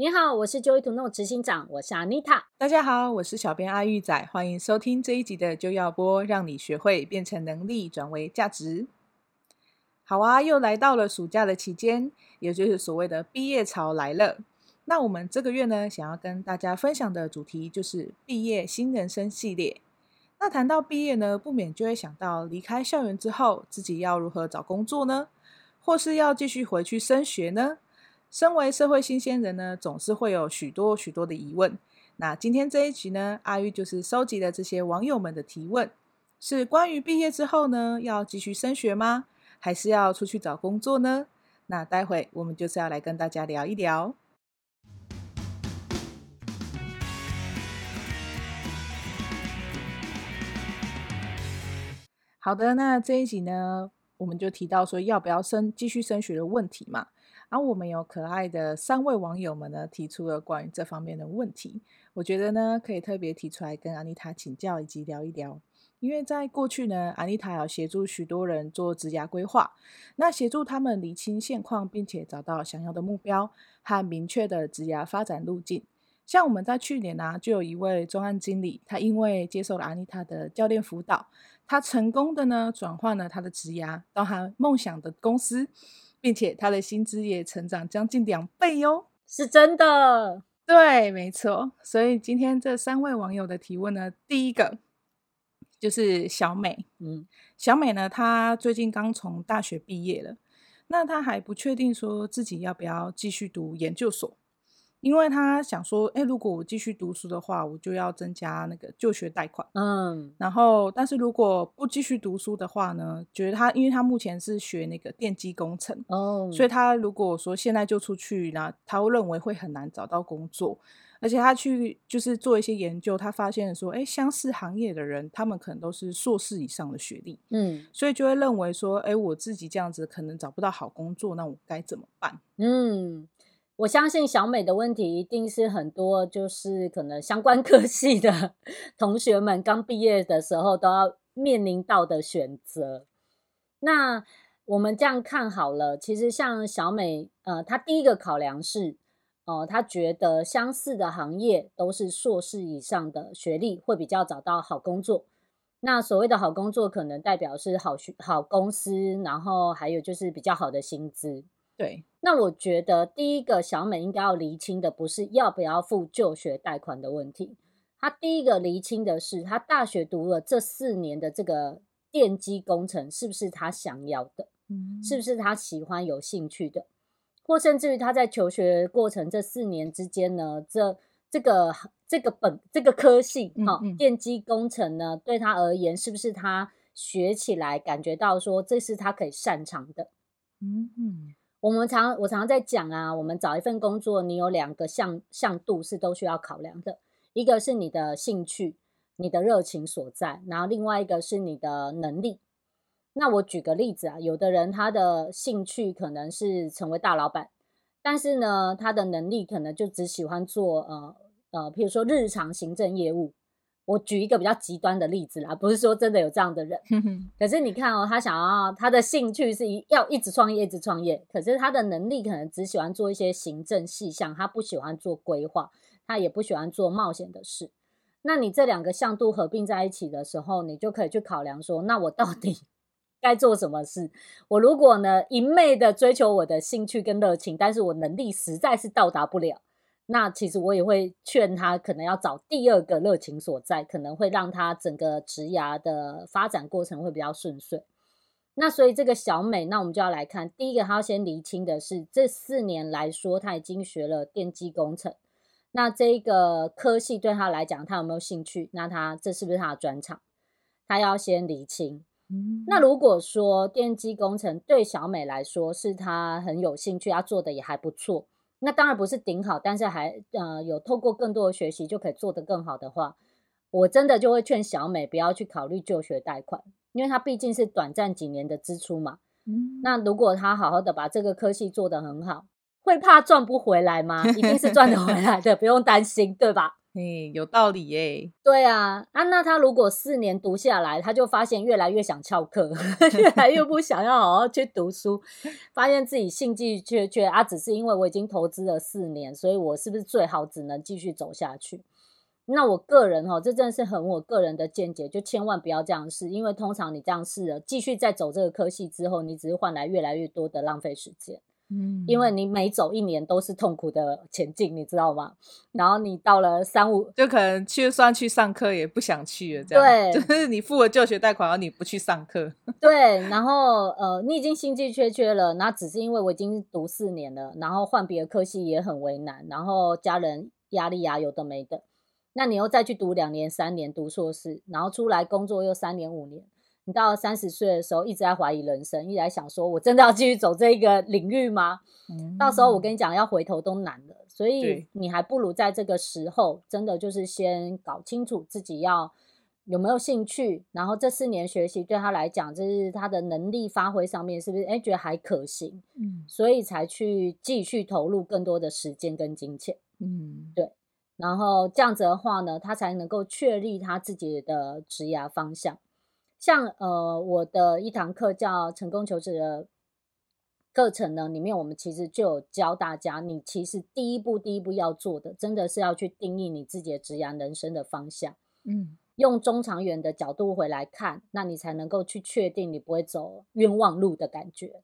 你好，我是 Joy to Know 執行長，我是 Anita。大家好，我是小編阿玉仔，歡迎收聽這一集的 Joy 要播，讓你學會變成能力，轉為價值。好啊，又來到了暑假的期間，也就是所謂的畢業潮來了。那我們這個月呢，想要跟大家分享的主題就是畢業新人生系列。那談到畢業呢，不免就會想到離開校園之後，自己要如何找工作呢？或是要繼續回去升學呢？身為社會新鮮人呢，總是會有許多許多的疑問。那今天這一集呢，阿玉就是收集了這些網友們的提問，是關於畢業之後呢，要繼續升學嗎？還是要出去找工作呢？那待會我們就是要來跟大家聊一聊。好的，那這一集呢，我們就提到說要不要升，繼續升學的問題嘛。而、啊、我們有可愛的三位網友們呢，提出了關於這方面的問題。我覺得呢，可以特別提出來跟安妮塔請教，以及聊一聊。因為在過去呢，安妮塔要協助許多人做職涯規劃，那協助他們釐清現況，並且找到想要的目標和明確的職涯發展路徑。像我們在去年呢、啊，就有一位專案經理，他因為接受了安妮塔的教練輔導，他成功的呢，轉換了他的職涯到他夢想的公司。並且他的薪資也成長將近兩倍喲，是真的。對，沒錯。所以今天這三位網友的提問呢，第一個，就是小美。嗯，小美呢，她最近剛從大學畢業了，那她還不確定說自己要不要繼續讀研究所。因為他想說，欸，如果我繼續讀書的話，我就要增加那個就學貸款，嗯，然後，但是如果不繼續讀書的話呢，覺得他，因為他目前是學那個電機工程，哦，所以他如果說現在就出去，那他會認為會很難找到工作，而且他去就是做一些研究，他發現說，哎，欸，相似行業的人，他們可能都是碩士以上的學歷，嗯，所以就會認為說，哎，欸，我自己這樣子可能找不到好工作，那我該怎麼辦？嗯。我相信小美的問題一定是很多，就是可能相關科系的同學們剛畢業的時候都要面臨到的選擇。那我們這樣看好了，其實像小美，呃，她第一個考量是，哦、呃，她覺得相似的行業都是碩士以上的學歷會比較找到好工作。那所謂的好工作，可能代表是好學、好公司，然後還有就是比較好的薪資。對，那我覺得第一個小美應該要釐清的，不是要不要付就學貸款的問題。他第一個釐清的是，他大學讀了這四年的這個電機工程，是不是他想要的？嗯，是不是他喜歡、有興趣的？或甚至於他在求學過程這四年之間呢，這這個這個本這個科系、啊、電機工程呢，對他而言，是不是他學起來感覺到說，這是他可以擅長的？嗯哼。我們常我常在講啊，我們找一份工作，你有兩個向向度是都需要考量的，一個是你的興趣、你的熱情所在，然後另外一個是你的能力。那我舉個例子啊，有的人他的興趣可能是成為大老板，但是呢，他的能力可能就只喜歡做，呃，呃，譬如說日常行政業務。我舉一個比較極端的例子啦，不是說真的有這樣的人，可是你看哦，他想要他的興趣是一要一直創業，一直創業，可是他的能力可能只喜歡做一些行政事項，他不喜歡做規劃，他也不喜歡做冒險的事。那你這兩個向度合併在一起的時候，你就可以去考量說，那我到底該做什麼事？我如果呢一昧的追求我的興趣跟熱情，但是我能力實在是到達不了。那其實我也會勸他，可能要找第二個熱情所在，可能會讓他整個職涯的發展過程會比較順遂。那所以這個小美，那我們就要來看，第一個他要先理清的是，這四年來說，他已經學了電機工程，那這個科系對他來講，他有沒有興趣？那他這是不是他的專長？他要先理清。那如果說電機工程對小美來說是她很有興趣，她做的也還不錯。那當然不是頂好，但是還呃有透過更多的學習就可以做得更好的話，我真的就會勸小美不要去考慮就學貸款，因為她畢竟是短暫幾年的支出嘛，嗯。那如果她好好的把這個科系做得很好，會怕賺不回來嗎？一定是賺得回來的， 不用擔心，對吧？哎、欸，有道理哎、欸。對啊，啊，那他如果四年讀下來，他就發現越來越想翹課，越來越不想要好好去讀書， 發現自己興趣缺缺啊。只是因為我已經投資了四年，所以我是不是最好只能繼續走下去？那我個人哈、哦，這真的是很我個人的見解，就千萬不要這樣試，因為通常你這樣試了，繼續再走這個科系之後，你只是換來越來越多的浪費時間。嗯，因為你每走一年都是痛苦的前進，你知道嗎？然後你到了三五，就可能就算去上課也不想去了，這樣對，就是你付了就學貸款，然後你不去上課，對。然後呃，你已經心氣缺缺了，那只是因為我已經讀四年了，然後換別的科系也很為難，然後家人壓力呀、啊，有的沒的。那你又再去讀兩年、三年，讀碩士，然後出來工作又三年、五年。你到三十歲的時候，一直在懷疑人生，一直在想說我真的要繼續走這一個領域嗎？嗯，到時候我跟你講，要回頭都難了。所以你還不如在這個時候，真的就是先搞清楚自己要有沒有興趣，然後這四年學習對他來講，就是他的能力發揮上面是不是哎、欸、覺得還可行？嗯，所以才去繼續投入更多的時間跟金錢。嗯，對。然後這樣子的話呢，他才能夠確立他自己的職業方向。像呃，我的一堂課叫《成功求職》的課程呢，裡面我們其實就有教大家，你其實第一步、第一步要做的，真的是要去定義你自己的職涯人生的方向。嗯，用中長遠的角度回來看，那你才能夠去確定你不會走冤枉路的感覺。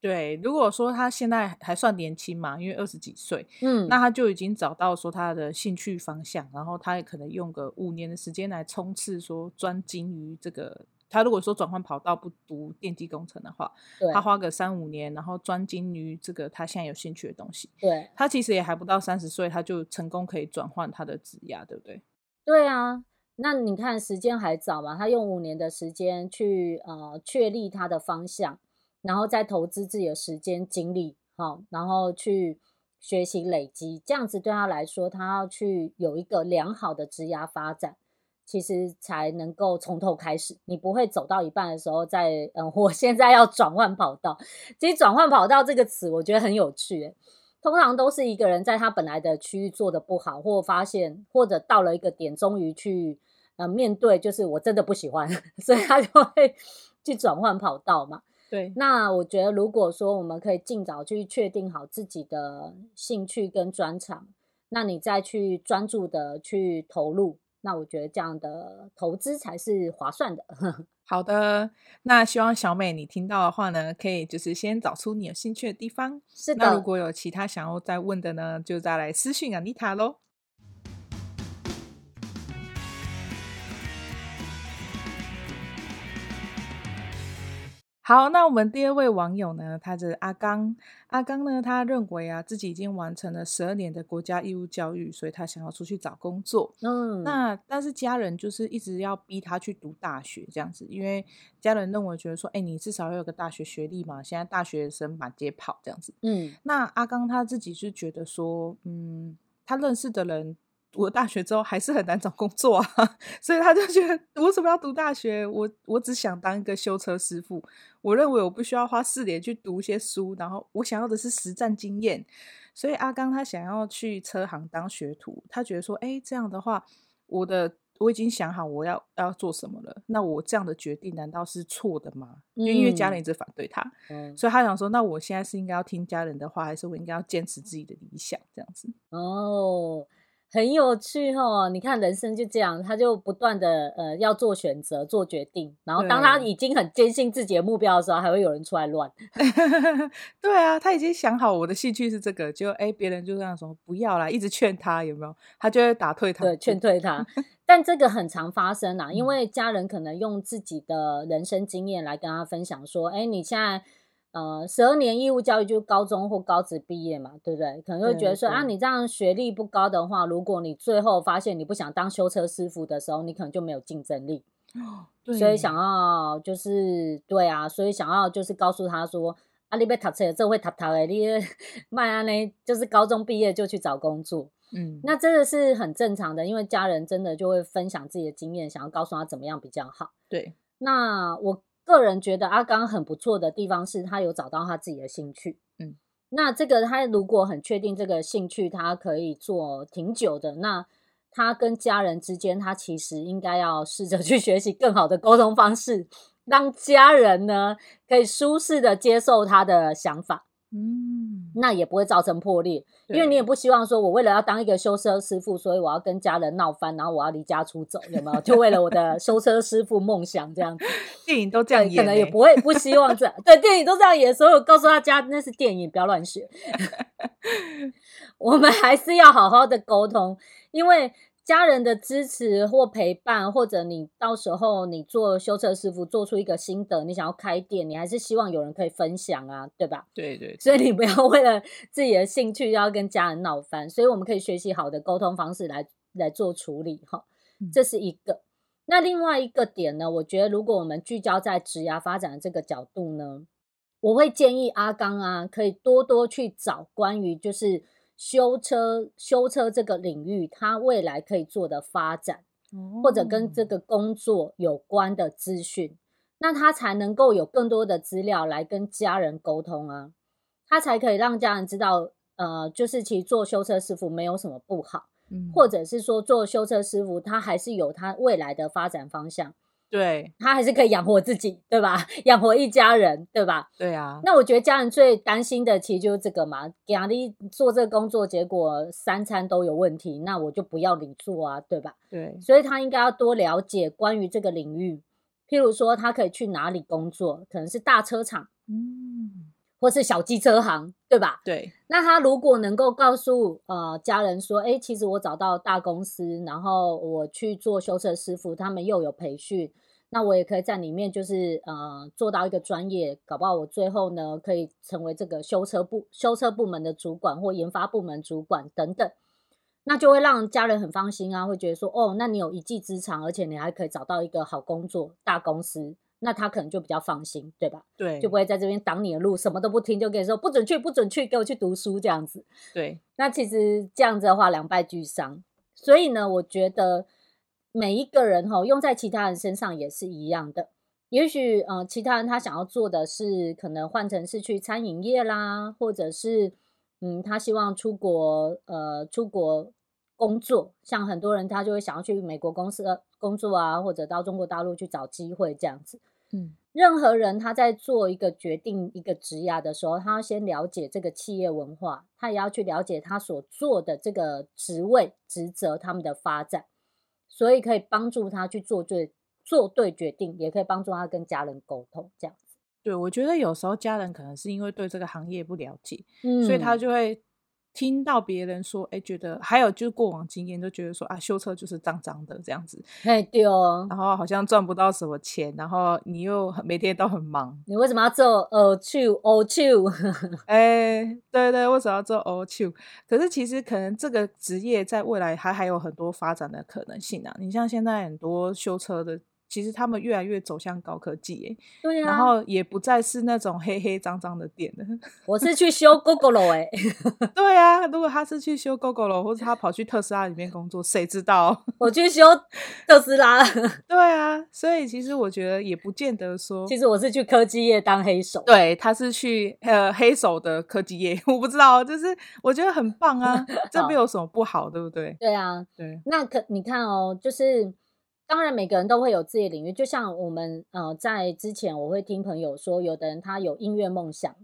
對，如果說他現在還算年輕嘛，因為二十幾歲，嗯，那他就已經找到說他的興趣方向，然後他也可能用個五年的時間來衝刺，說專精於這個。他如果說轉換跑道不讀電機工程的話，他花個三五年，然後專精於這個他現在有興趣的東西。對，他其實也還不到三十歲，他就成功可以轉換他的職業，對不對？對啊，那你看時間還早嘛，他用五年的時間去呃確立他的方向。然後再投資自己的時間精力，好、哦，然後去學習累積，這樣子對他來說，他要去有一個良好的職涯發展，其實才能夠從頭開始。你不會走到一半的時候再，嗯，我現在要轉換跑道。其實“轉換跑道”這個詞，我覺得很有趣耶。通常都是一個人在他本來的區域做的不好，或發現，或者到了一個點，終於去、呃、面對，就是我真的不喜歡，所以他就會去轉換跑道嘛。對，那我覺得如果說我們可以盡早去確定好自己的興趣跟專長，那你再去專注的去投入，那我覺得這樣的投資才是划算的。 好的，那希望小美你聽到的話呢，可以就是先找出你有興趣的地方。是的，那如果有其他想要再問的呢，就再來私訊 Anita 嘍。好，那我們第二位網友呢，他就是阿剛，阿剛呢，他認為啊，自己已經完成了十二年的國家義務教育，所以他想要出去找工作。嗯，那但是家人就是一直要逼他去讀大學這樣子，因為家人認為覺得說，哎、欸，你至少要有個大學學歷嘛，現在大學生滿街跑這樣子。嗯，那阿剛他自己是覺得說，嗯，他認識的人。我大學之後還是很難找工作啊， 所以他就覺得，我為什麼要讀大學？我我只想當一個修車師傅，我認為我不需要花四年去讀一些書，然後我想要的是實戰經驗。所以阿剛他想要去車行當學徒，他覺得說，哎、欸，這樣的話，我的我已經想好我要要做什麼了。那我這樣的決定難道是錯的嗎？因、嗯、為因為家人一直反對他、嗯，所以他想說，那我現在是應該要聽家人的話，還是我應該要堅持自己的理想？這樣子哦。很有趣哦。你看人生就這樣，他就不斷的呃要做選擇、做決定，然後當他已經很堅信自己的目標的時候，還會有人出來亂。 對啊，他已經想好我的興趣是這個，就哎，別人就這樣說不要啦，一直勸他有沒有？他就會打退他。對，勸退他。 但這個很常發生啦，因為家人可能用自己的人生經驗來跟他分享說，說哎，你現在。呃，十二年義務教育就是高中或高職畢業嘛，對不對？可能會覺得說、嗯、啊，你這樣學歷不高的話，如果你最後發現你不想當修車師傅的時候，你可能就沒有競爭力。哦、對。所以想要就是對啊，所以想要就是告訴他說，啊，你被淘汰了，這會淘汰了。你邁安呢就是高中畢業就去找工作，嗯，那真的是很正常的，因為家人真的就會分享自己的經驗，想要告訴他怎麼樣比較好。對，那我。個人覺得阿剛很不錯的地方是他有找到他自己的興趣，嗯，那這個他如果很確定這個興趣他可以做挺久的，那他跟家人之間他其實應該要試着去學習更好的溝通方式，讓家人呢可以舒適的接受他的想法。嗯，那也不會造成破裂，因為你也不希望說，我為了要當一個修車師傅，所以我要跟家人鬧翻，然後我要離家出走，有沒有？就為了我的修車師傅夢想這樣子， 電影都這樣演，欸，可能也不會不希望這樣。 對，電影都這樣演，所以我告訴大家那是電影，不要亂學。 我們還是要好好的溝通，因為。家人的支持或陪伴，或者你到時候你做修車師傅做出一個心得，你想要開店，你還是希望有人可以分享啊，對吧？對對，對。所以你不要為了自己的興趣要跟家人鬧翻，所以我們可以學習好的溝通方式來來做處理哈。這是一個。嗯。那另外一個點呢，我覺得如果我們聚焦在職涯發展的這個角度呢，我會建議阿剛啊，可以多多去找關於就是。修車，修車這個領域，他未來可以做的發展，或者跟這個工作有關的資訊，那他才能夠有更多的資料來跟家人溝通啊，他才可以讓家人知道，呃，就是其實做修車師傅沒有什麼不好，或者是說做修車師傅，他還是有他未來的發展方向。對，他還是可以養活自己，對吧？養活一家人，對吧？對啊。那我覺得家人最擔心的其實就是這個嘛，假如做這個工作，結果三餐都有問題，那我就不要你做啊，對吧？對。所以他應該要多了解關於這個領域，譬如說他可以去哪裡工作，可能是大車廠。嗯。或是小機車行，對吧？對。那他如果能夠告訴呃家人說，哎，其實我找到大公司，然後我去做修車師傅，他們又有培訓，那我也可以在裡面就是呃做到一個專業，搞不好我最後呢，可以成為這個修車部，修車部門的主管或研發部門主管等等，那就會讓家人很放心啊，會覺得說，哦，那你有一技之長，而且你還可以找到一個好工作，大公司。那他可能就比較放心，對吧？對，就不會在這邊擋你的路，什麼都不聽，就跟你說不准去，不准去，給我去讀書這樣子。對，那其實這樣子的話，兩敗俱傷。所以呢，我覺得每一個人哈，用在其他人身上也是一樣的。也許，呃，其他人他想要做的是，可能換成是去餐飲業啦，或者是嗯，他希望出國，呃，出國。工作，像很多人他就會想要去美國公司工作啊，或者到中國大陸去找機會這樣子。嗯，任何人他在做一個決定一個職業的時候，他要先了解這個企業文化，他也要去了解他所做的這個職位職責、他們的發展，所以可以幫助他去做對做對決定，也可以幫助他跟家人溝通這樣子。對，我覺得有時候家人可能是因為對這個行業不了解，嗯，所以他就會。聽到別人說，哎，覺得還有就是過往經驗，就覺得說啊，修車就是髒髒的這樣子，哎，對哦，然後好像賺不到什麼錢，然後你又每天都很忙，你為什麼要做 auto auto？哎，對對，為什麼要做 auto？可是其實可能這個職業在未來還還有很多發展的可能性啊，你像現在很多修車的。其實他們越來越走向高科技欸，對啊，然後也不再是那種黑黑髒髒的店了。我是去修 Gogoro 了，對啊，如果他是去修 Gogoro 或者他跑去特斯拉裡面工作，誰知道？我去修特斯拉，對啊，所以其實我覺得也不見得說。其實我是去科技業當黑手，對，他是去呃黑手的科技業，我不知道，就是我覺得很棒啊， 這沒有什麼不好，對不對？對啊，對，那可你看哦，就是。當然，每個人都會有自己的領域。就像我們，呃，在之前我會聽朋友說，有的人他有音樂夢想，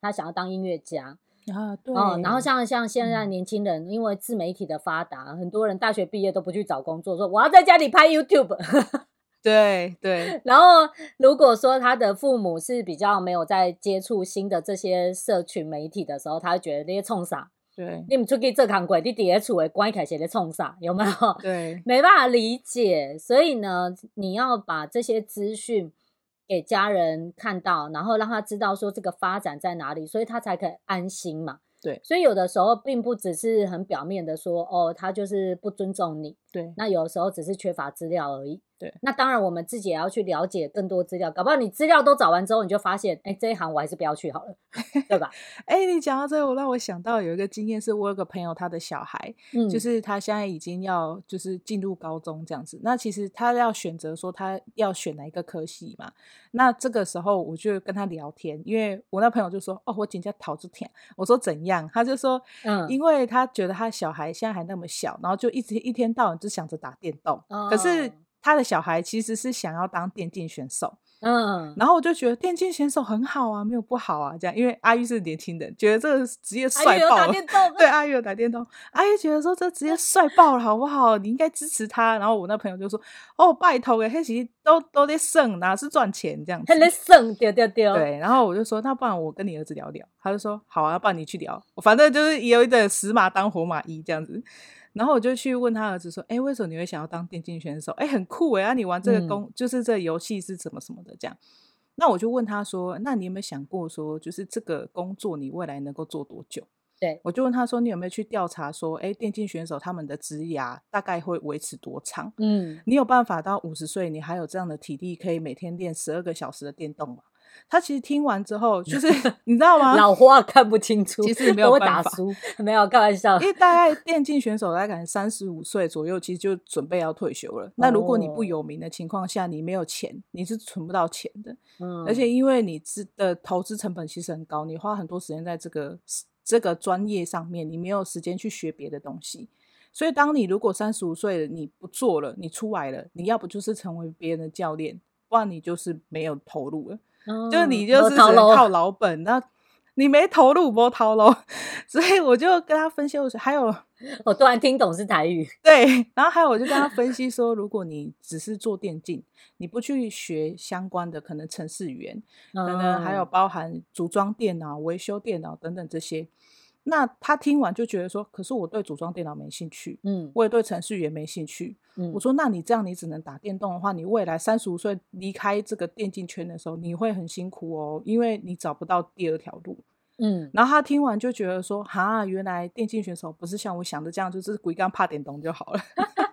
他想要當音樂家啊。對。哦，然後像像現在年輕人，嗯，因為自媒體的發達，很多人大學畢業都不去找工作，說我要在家裡拍 YouTube。 對對。然後，如果說他的父母是比較沒有在接觸新的這些社群媒體的時候，他會覺得那些衝啥？對，你不出去做工作？你在家的關係是在幹什麼？有沒有？對，沒辦法理解，所以呢，你要把這些資訊給家人看到，然後讓他知道說這個發展在哪裡，所以他才可以安心嘛。對，所以有的時候並不只是很表面的說，哦，他就是不尊重你。對，那有的時候只是缺乏資料而已。對，那當然，我們自己也要去了解更多資料，搞不好你資料都找完之後，你就發現，哎、欸，這一行我還是不要去好了， 對吧？哎、欸，你講到這個，我讓我想到有一個經驗，是我有一個朋友他的小孩、嗯，就是他現在已經要就是進入高中這樣子，那其實他要選擇說他要選哪一個科系嘛，那這個時候我就跟他聊天，因為我那朋友就說，哦，我今天桃子天，我說怎樣，他就說，嗯，因為他覺得他小孩現在還那麼小，然後就一直一天到晚就想着打電動，哦、可是。他的小孩其實是想要當電競選手，嗯，然後我就覺得電競選手很好啊，沒有不好啊，這樣，因為阿玉是年輕人，覺得這個職業帥爆了，阿玉有打電動了。對，阿玉有打電動，阿玉覺得說這職業帥爆了，好不好？你應該支持他。然後我那朋友就說：“ 哦，拜託，哎，其實都都得省、啊，哪是賺錢這樣子？在省丟丢丢。對對對”對，然後我就說：“那不然我跟你兒子聊聊。”他就說：“好啊，不然你去聊，我反正就是有一種死馬當活馬醫這樣子。”然後我就去問他兒子說：“哎、欸，為什麼你會想要當電競選手？哎、欸，很酷哎、欸！啊，你玩這個工、嗯、就是這個遊戲是什麼什麼的這樣。”那我就問他說：“那你有沒有想過說，就是這個工作你未來能夠做多久？”對，我就問他說：“你有沒有去調查說，哎、欸，電競選手他們的職涯大概會維持多長？嗯，你有辦法到五十歲你還有這樣的體力可以每天練十二個小時的電動嗎？”他其實聽完之後，就是 你知道嗎？老花看不清楚，其實沒有辦法。打 沒有開玩笑，因為大概電競選手大概三十五歲左右，其實就準備要退休了。哦、那如果你不有名的情況下，你沒有錢，你是存不到錢的。嗯、而且因為你之的投資成本其實很高，你花很多時間在這個這個專業上面，你沒有時間去學別的東西。所以，當你如果三十五歲了，你不做了，你出來了，你要不就是成為別人的教練，不然你就是沒有投入了。就你就是靠老本，哦，那你沒投入波濤嘍， 所以我就跟他分析我說，還有我突然聽懂是台語，對，然後還有我就跟他分析說，如果你只是做電競， 你不去學相關的，可能程式語言，可、嗯、能還有包含組裝電腦、維修電腦等等這些。那他聽完就覺得說，可是我對組裝電腦沒興趣，嗯，我也對程序員沒興趣，嗯，我說那你這樣你只能打電動的話，你未來三十五歲離開這個電競圈的時候，你會很辛苦哦，因為你找不到第二條路，嗯，然後他聽完就覺得說，哈，原來電競選手不是像我想的這樣，就是鬼敢怕電動就好了。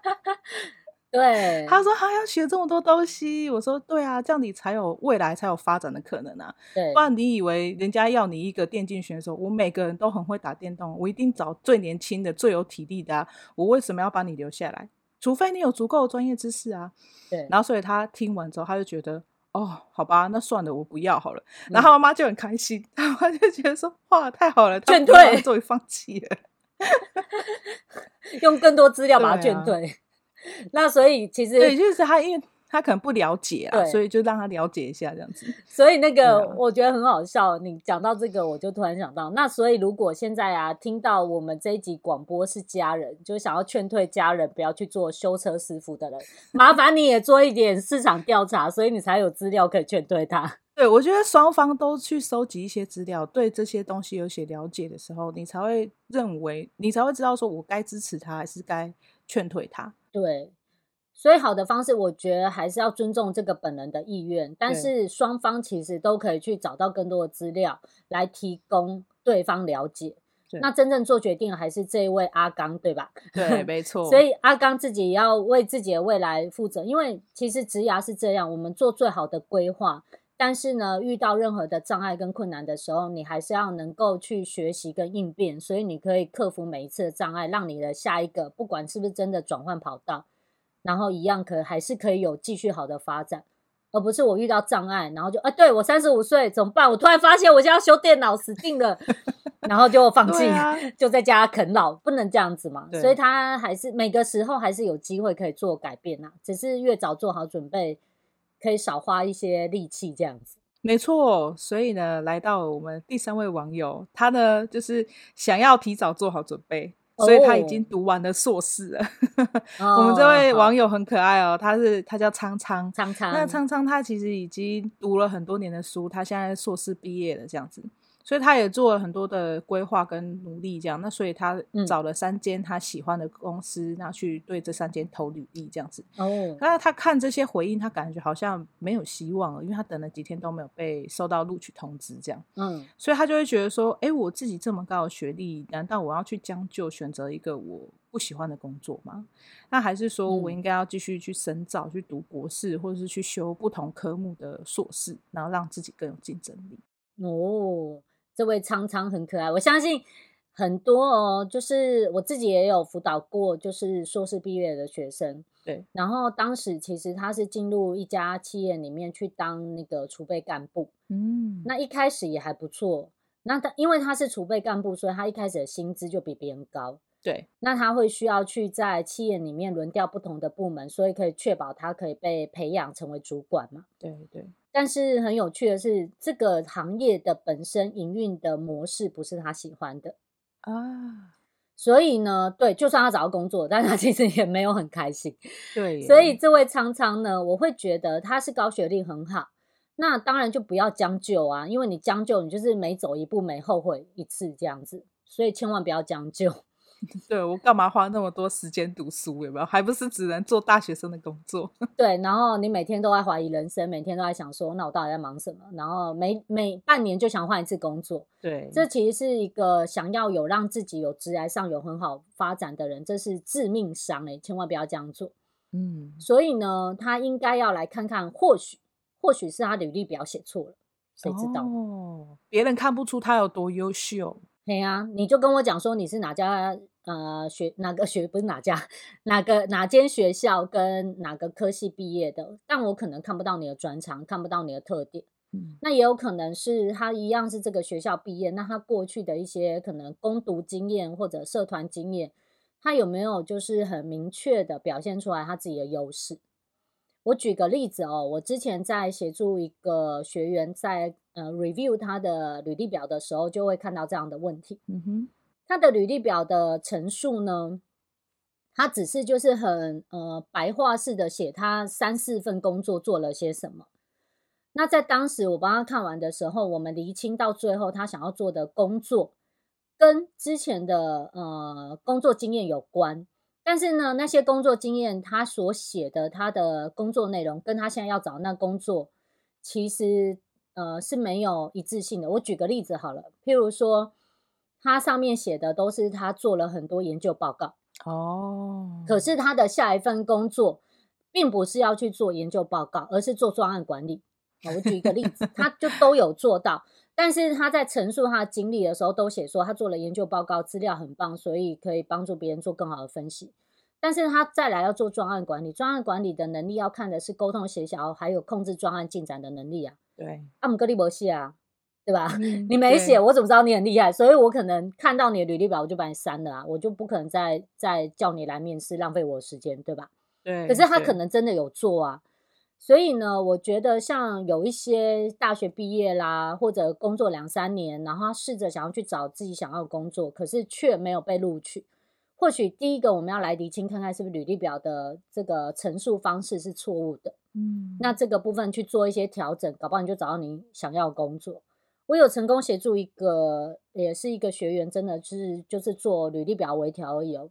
對，他說還、啊、要學這麼多東西，我說對啊，這樣你才有未來，才有發展的可能啊。對，不然你以為人家要你一個電競選手，我每個人都很會打電動，我一定找最年輕的、最有體力的、啊，我為什麼要把你留下來？除非你有足夠的專業知識啊。對，然後所以他聽完之後，他就覺得哦，好吧，那算了，我不要好了。然後他媽媽就很開心，嗯、 他媽就覺得說哇，太好了，勸退，終於放棄了， 用更多資料把他勸退。對啊那所以其實對，就是他，因為他可能不了解啊，所以就讓他了解一下這樣子。所以那個我覺得很好笑， 你講到這個，我就突然想到，那所以如果現在啊聽到我們這一集廣播是家人，就想要勸退家人不要去做修車師傅的人，麻煩你也做一點市場調查，所以你才有資料可以勸退他。對，我覺得雙方都去收集一些資料，對這些東西有些了解的時候，你才會認為，你才會知道說我該支持他還是該勸退他。對，所以好的方式，我覺得還是要尊重這個本人的意願。但是雙方其實都可以去找到更多的資料來提供對方了解。那真正做決定還是這一位阿剛，對吧？對，沒錯。 所以阿剛自己要為自己的未來負責，因為其實職涯是這樣，我們做最好的規劃。但是呢，遇到任何的障礙跟困難的時候，你還是要能夠去學習跟應變，所以你可以克服每一次的障礙，讓你的下一個不管是不是真的轉換跑道，然後一樣可還是可以有繼續好的發展，而不是我遇到障礙然後就啊，欸、對我三十五歲怎麼辦？我突然發現我現在要修電腦，死定了， 然後就放棄、啊，就在家啃老，不能這樣子嘛。所以他還是每個時候還是有機會可以做改變吶、啊，只是越早做好準備。可以少花一些力氣，這樣子。沒錯，所以呢，來到我們第三位網友，他呢就是想要提早做好準備、哦，所以他已經讀完了碩士了。 哦、我們這位網友很可愛哦，哦他是他叫蒼蒼，蒼蒼，那蒼蒼他其實已經讀了很多年的書，他現在碩士畢業了，這樣子。所以他也做了很多的規劃跟努力，這樣，那所以他找了三間他喜歡的公司，嗯、然後去對這三間投履歷，這樣子。哦，那他看這些回應，他感覺好像沒有希望了，因為他等了幾天都沒有被收到錄取通知，這樣。嗯，所以他就會覺得說，哎、欸，我自己這麼高的學歷，難道我要去將就選擇一個我不喜歡的工作嗎？那還是說我應該要繼續去深造、嗯，去讀博士，或者是去修不同科目的碩士，然後讓自己更有競爭力。哦。這位蒼蒼很可愛，我相信很多哦，就是我自己也有輔導過，就是碩士畢業的學生，對。然後當時其實他是進入一家企業裡面去當那個儲備幹部，嗯，那一開始也還不錯。那他因為他是儲備幹部，所以他一開始的薪資就比別人高。對，那他會需要去在企業裡面輪調不同的部門，所以可以確保他可以被培養成為主管嘛？對對。但是很有趣的是，這個行業的本身營運的模式不是他喜歡的啊，所以呢，對，就算他找到工作，但他其實也沒有很開心。對，所以這位蒼蒼呢，我會覺得他是高學歷很好，那當然就不要將就啊，因為你將就，你就是每走一步每後悔一次這樣子，所以千萬不要將就。對，我干嘛花那麼多時間讀書？有沒有？還不是只能做大學生的工作。對，然後你每天都在懷疑人生，每天都在想說，那我到底在忙什麼？然後每每半年就想換一次工作。對，這其實是一個想要有讓自己有職業上有很好發展的人，這是致命傷哎、欸，千萬不要這樣做。嗯，所以呢，他應該要來看看或，或許或許是他的履歷表寫錯了，誰知道？哦，別人看不出他有多優秀。對啊，你就跟我講說你是哪家。呃，學哪個學不是哪家，哪個哪間學校跟哪個科系畢業的？但我可能看不到你的專長，看不到你的特點。那也有可能是他一樣是這個學校畢業，那他過去的一些可能工讀經驗或者社團經驗，他有沒有就是很明確的表現出來他自己的優勢？我舉個例子哦，我之前在協助一個學員在呃 review 他的履歷表的時候，就會看到這樣的問題。嗯哼。他的履歷表的陳述呢，他只是就是很呃白話式的寫他三四份工作做了些什麼。那在當時我幫他看完的時候，我們釐清到最後他想要做的工作跟之前的呃工作經驗有關，但是呢，那些工作經驗他所寫的他的工作內容跟他現在要找那工作其實呃是沒有一致性的。我舉個例子好了，譬如說。他上面寫的都是他做了很多研究報告哦，可是他的下一份工作，並不是要去做研究報告，而是做專案管理。好，我舉一個例子，他就都有做到，但是他在陳述他的經歷的時候，都寫說他做了研究報告，資料很棒，所以可以幫助別人做更好的分析。但是他再來要做專案管理，專案管理的能力要看的是溝通協調，還有控制專案進展的能力啊。對，阿姆格里博西啊。對吧？嗯、你沒寫，我怎麼知道你很厲害？所以我可能看到你的履歷表，我就把你刪了啊，我就不可能再再叫你來面試，浪費我時間，對吧？對。可是他可能真的有做啊，所以呢，我覺得像有一些大學畢業啦，或者工作兩三年，然後他試着想要去找自己想要的工作，可是卻沒有被錄取。或許第一個我們要來釐清，看看是不是履歷表的這個陳述方式是錯誤的。嗯。那這個部分去做一些調整，搞不好你就找到你想要的工作。我有成功協助一個，也是一個學員，真的，就是就是做履歷表微調而已哦，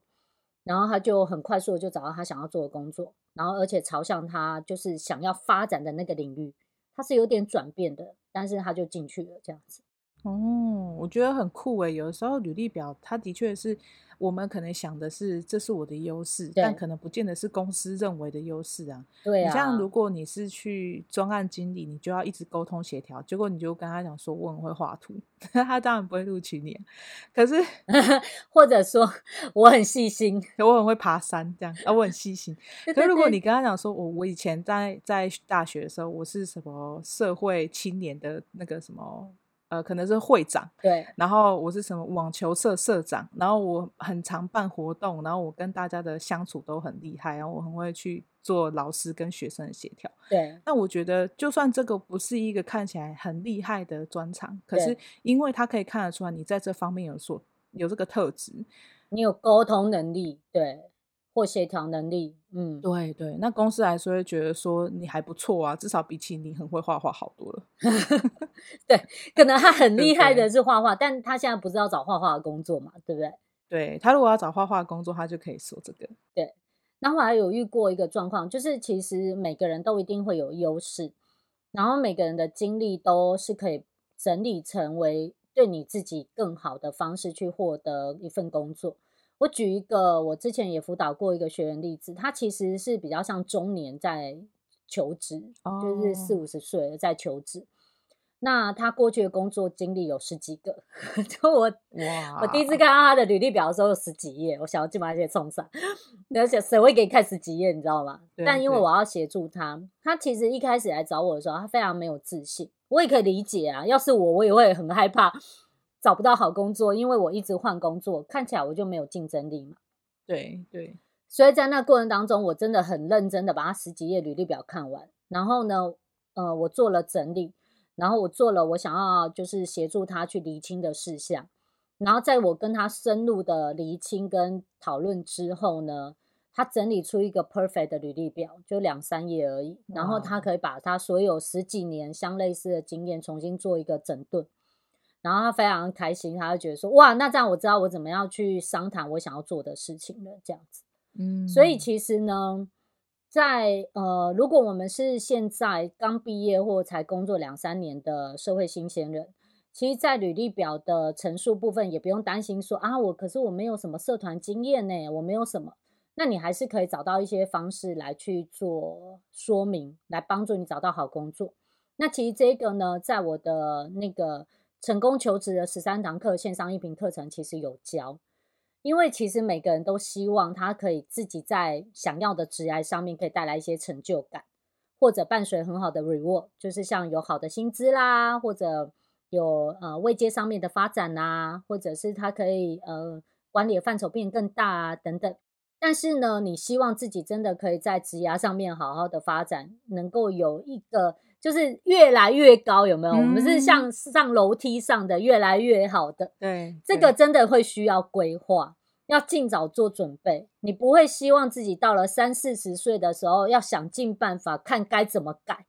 然後他就很快速的就找到他想要做的工作，然後而且朝向他就是想要發展的那個領域，他是有點轉變的，但是他就進去了這樣子。哦、嗯，我覺得很酷誒、欸。有的時候履歷表，他的確是我們可能想的是這是我的優勢，但可能不見得是公司認為的優勢啊。對啊，你像如果你是去專案經理，你就要一直溝通協調，結果你就跟他講說我很會畫圖， 他當然不會錄取你。啊，可是或者說我很細心，我很會爬山，這樣啊、哦，我很細心。 可是如果你跟他講說我我以前在在大學的時候，我是什麼社會青年的那個什麼。呃，可能是會長，對。然後我是什麼網球社社長，然後我很常辦活動，然後我跟大家的相處都很厲害，然後我很會去做老師跟學生的協調，對。那我覺得，就算這個不是一個看起來很厲害的專長，可是因為他可以看得出來，你在這方面有所有這個特質，你有溝通能力，對。或協調能力，嗯，對對，那公司來說會覺得說你還不錯啊，至少比起你很會畫畫好多了。 對，可能他很厲害的是畫畫，對對，但他現在不是要找畫畫的工作嘛，對不對？對，他如果要找畫畫的工作，他就可以說這個。對，那後來有遇過一個狀況，就是其實每個人都一定會有優勢，然後每個人的經歷都是可以整理成為對你自己更好的方式去獲得一份工作。我舉一個，我之前也輔導過一個學員例子，他其實是比較像中年在求職，oh. 就是四五十歲在求職。那他過去的工作經歷有十幾個，呵呵就我、wow. 我第一次看到他的履歷表的時候，有十幾頁，我想要去把這些衝散，而且誰會給你看十幾頁，你知道嗎？但因為我要協助他，他其實一開始來找我的時候，他非常沒有自信，我也可以理解啊，要是我，我也會很害怕。找不到好工作，因為我一直換工作，看起來我就沒有競爭力嘛。對對，所以在那過程當中，我真的很認真的把他十幾頁履歷表看完，然後呢，呃，我做了整理，然後我做了我想要就是協助他去釐清的事項，然後在我跟他深入的釐清跟討論之後呢，他整理出一個 perfect 的履歷表，就兩三頁而已，然後他可以把他所有十幾年相類似的經驗重新做一個整頓。然後他非常開心，他就覺得說：“哇，那這樣我知道我怎麼樣去商談我想要做的事情了。”這樣子，嗯，所以其實呢，在呃，如果我們是現在剛畢業或才工作兩三年的社會新鮮人，其實，在履歷表的陳述部分，也不用擔心說啊，我可是我沒有什麼社團經驗呢、欸，我沒有什麼，那你還是可以找到一些方式來去做說明，來幫助你找到好工作。那其實這個呢，在我的那個。成功求職的十三堂課線上音頻課程其實有教，因為其實每個人都希望他可以自己在想要的職涯上面可以帶來一些成就感，或者伴隨很好的 reward，就是像有好的薪資啦，或者有呃位階上面的發展啦，或者是他可以呃管理的範疇變更大啊等等。但是呢，你希望自己真的可以在職涯上面好好的發展，能夠有一個。就是越來越高，有沒有？嗯、我們是像上樓梯上的，越來越好的。對，對這個真的會需要規劃，要儘早做準備。你不會希望自己到了三四十歲的時候，要想盡辦法看該怎麼改，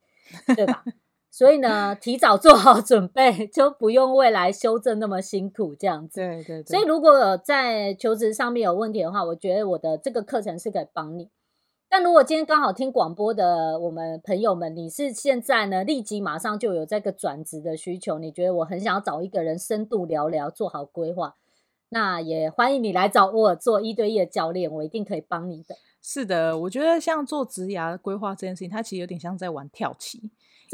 對吧？ 所以呢，提早做好準備，就不用未來修正那麼辛苦這樣子。對對對。所以如果有在求職上面有問題的話，我覺得我的這個課程是可以幫你。但如果今天剛好聽廣播的我們朋友們，你是現在呢，立即馬上就有這個轉職的需求，你覺得我很想要找一個人深度聊聊，做好規劃，那也歡迎你來找我做一對一的教練，我一定可以幫你的。是的，我覺得像做職涯規劃這件事情，它其實有點像在玩跳棋，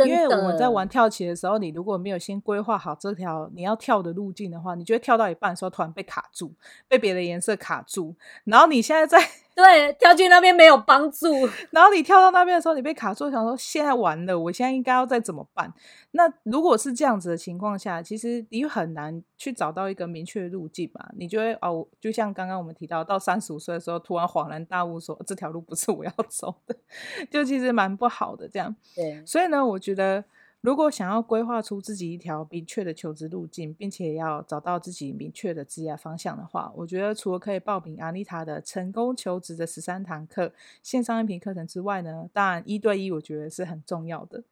因為我們在玩跳棋的時候，你如果沒有先規劃好這條你要跳的路徑的話，你覺得跳到一半的時候突然被卡住，被別的顏色卡住，然後你現在在。對，跳去那邊沒有幫助。然後你跳到那邊的時候，你被卡住，想說現在完了，我現在應該要再怎麼辦？那如果是這樣子的情況下，其實你很難去找到一個明確的路徑吧？你就會哦，就像剛剛我們提到，到三十五歲的時候，突然恍然大悟，說這條路不是我要走的，就其實蠻不好的這樣。對啊，所以呢，我覺得。如果想要規劃出自己一條明確的求職路徑，並且要找到自己明確的職業方向的話，我覺得除了可以報名阿麗塔的《成功求職的十三堂課》線上音頻課程之外呢，當然一對一我覺得是很重要的。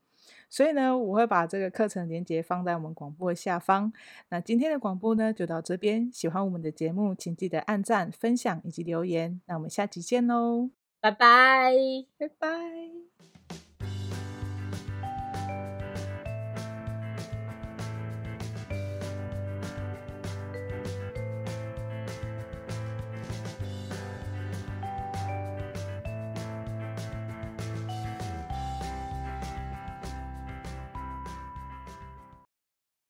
所以呢，我會把這個課程連結放在我們廣播的下方。那今天的廣播呢，就到這邊。喜歡我們的節目，請記得按讚、分享以及留言。那我們下期見嘍，拜拜，拜拜。